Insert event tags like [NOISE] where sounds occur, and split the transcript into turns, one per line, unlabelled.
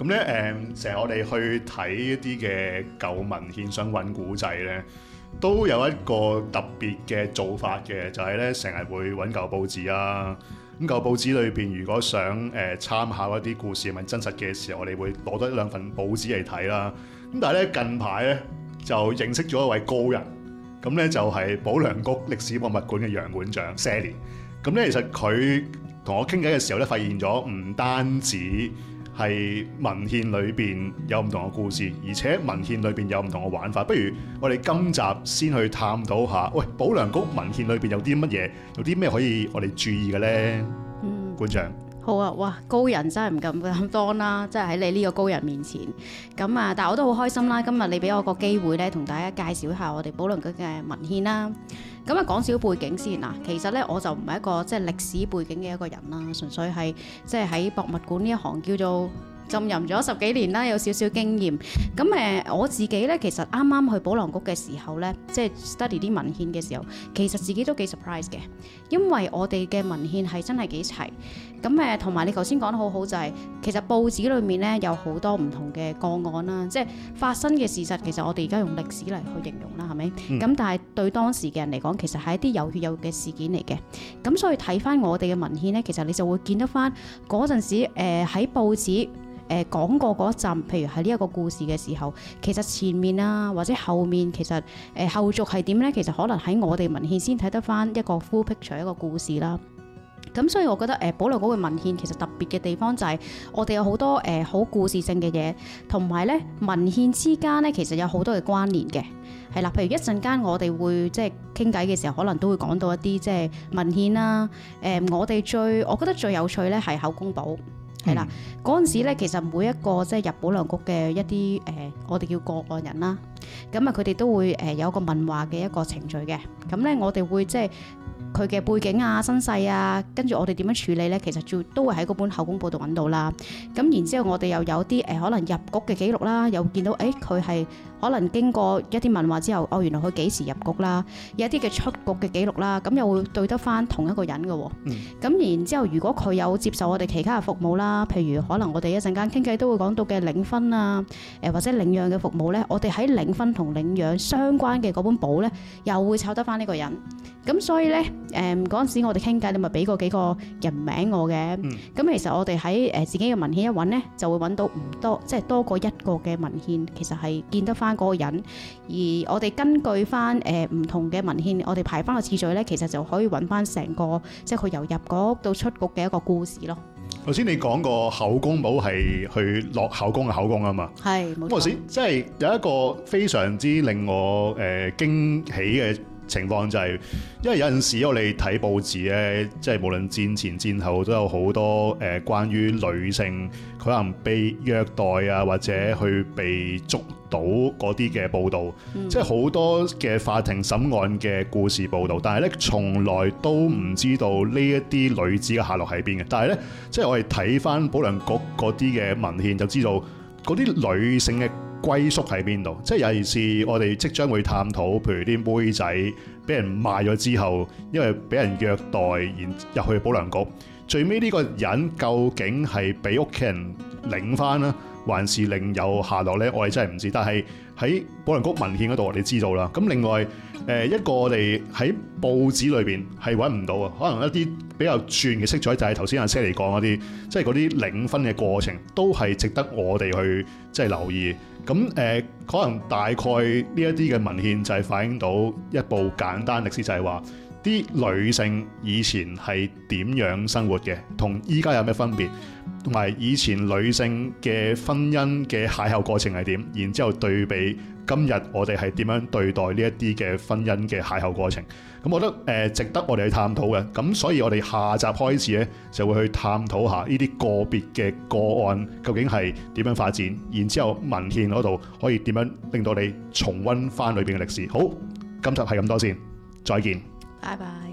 咁咧誒，成日、嗯、我哋去睇一啲嘅舊文獻，想揾古仔咧，都有一個特別嘅做法嘅，就係咧成日會揾舊報紙啦。咁、啊、舊報紙裏邊，如果想誒參、呃、考一啲故事係真實嘅時候，我哋會攞多一兩份報紙嚟睇啦。咁、啊、但係咧近排咧就認識咗一位高人，咁咧就係保良局歷史博物館嘅楊館長 Sally。咁咧其實佢同我傾偈嘅時候咧，發現咗唔單止係文獻裏邊有唔同嘅故事，而且文獻裏邊有唔同嘅玩法。不如我哋今集先去探討下，喂，保良局文獻裏邊有啲乜嘢，有啲咩可以我哋注意嘅咧？館、嗯、長。
好啊，哇！高人真係唔敢咁當啦，真係喺你呢個高人面前咁啊！但我都好開心啦，今日你俾我個機會咧，同大家介紹一下我哋保良局嘅文獻啦。咁啊，講少背景先嗱，其實咧我就唔係一個即係歷史背景嘅一個人啦，純粹係即係喺博物館呢一行叫做。浸淫咗十幾年啦，有少少經驗。咁誒，我自己咧，其實啱啱去保良局嘅時候咧，即係 study 啲文獻嘅時候，其實自己都幾 surprise 嘅，因為我哋嘅文獻係真係幾齊。咁誒，同埋你頭先講得好好就係、是，其實報紙裡面咧有好多唔同嘅個案啦，即係發生嘅事實。其實我哋而家用歷史嚟去形容啦，係咪？咁、嗯、但係對當時嘅人嚟講，其實係一啲有血有肉嘅事件嚟嘅。咁所以睇翻我哋嘅文獻咧，其實你就會見得翻嗰陣時喺、呃、報紙。誒、呃、講過嗰一陣，譬如係呢一個故事嘅時候，其實前面啦、啊，或者後面其實誒、呃、後續係點呢？其實可能喺我哋文獻先睇得返一個 full picture 一個故事啦。咁所以，我覺得誒保良局嘅文獻其實特別嘅地方就係我哋有好多誒、呃、好故事性嘅嘢，同埋呢文獻之間呢，其實有好多嘅關聯嘅。係啦，譬如一陣間我哋會即係傾偈嘅時候，可能都會講到一啲即係文獻啦、啊。誒、呃，我哋最我覺得最有趣呢，係口供簿。係啦，嗰陣時咧， [NOISE] 嗯、其實每一個即入保良局嘅一啲，我哋叫個案人啦，咁啊佢哋都會有一個問話嘅一個程序嘅，咁咧我哋會即、就係佢嘅背景啊、身世啊，跟住我哋點樣處理呢？其實就都會喺嗰本口供簿度揾到啦。咁然之後，我哋又有啲誒、呃、可能入局嘅記錄啦，又見到誒佢係可能經過一啲問話之後，哦，原來佢幾時入局啦，有一啲嘅出局嘅記錄啦，咁又會對得翻同一個人嘅喎、啊。咁、嗯、然之後，如果佢有接受我哋其他嘅服務啦，譬如可能我哋一陣間傾偈都會講到嘅領婚啊，誒、呃、或者領養嘅服務呢，我哋喺領婚同領養相關嘅嗰本簿呢，又會抄得翻呢個人。咁所以咧，誒嗰陣時我哋傾偈，你咪俾過幾個人名我嘅。咁其實我哋喺誒自己嘅文獻一揾咧，就會揾到唔多，即係多過一個嘅文獻，其實係見得翻嗰個人。而我哋根據翻誒唔同嘅文獻，我哋排翻個次序咧，其實就可以揾翻成個，即係佢由入局到出局嘅一個故事咯。
頭先你講個口供簿係去落口供嘅口供啊嘛，係。冇錯即係有一個非常之令我誒驚喜嘅。情況就係、是，因為有陣時我哋睇報紙咧，即係無論戰前戰後都有好多誒、呃、關於女性佢可能被虐待啊，或者去被捉到嗰啲嘅報導，嗯、即係好多嘅法庭審案嘅故事報導。但係咧，從來都唔知道呢一啲女子嘅下落喺邊嘅。但係咧，即係我哋睇翻保良局嗰啲嘅文獻，就知道嗰啲女性嘅。歸宿喺邊度？即係有件事，我哋即將會探討，譬如啲妹仔俾人賣咗之後，因為俾人虐待，然入去保良局，最尾呢個人究竟係俾屋企人領翻啦？還是另有下落咧，我哋真係唔知。但係喺保良局文獻嗰度，你知道啦。咁另外，誒一個我哋喺報紙裏邊係揾唔到啊。可能一啲比較傳奇嘅色彩，就係頭先阿 Sally 講嗰啲，即係嗰啲領分嘅過程，都係值得我哋去即係、就是、留意。咁誒、呃，可能大概呢一啲嘅文獻就係反映到一部簡單歷史就，就係話。啲女性以前係點樣生活嘅，同依家有咩分別？同埋以前女性嘅婚姻嘅邂逅過程係點？然之後對比今日我哋係點樣對待呢一啲嘅婚姻嘅邂逅過程？咁、嗯，我覺得誒、呃、值得我哋去探討嘅。咁，所以我哋下集開始咧就會去探討下呢啲個別嘅個案究竟係點樣發展？然之後文獻嗰度可以點樣令到你重溫翻裏邊嘅歷史？好，今集係咁多先，再見。
拜拜。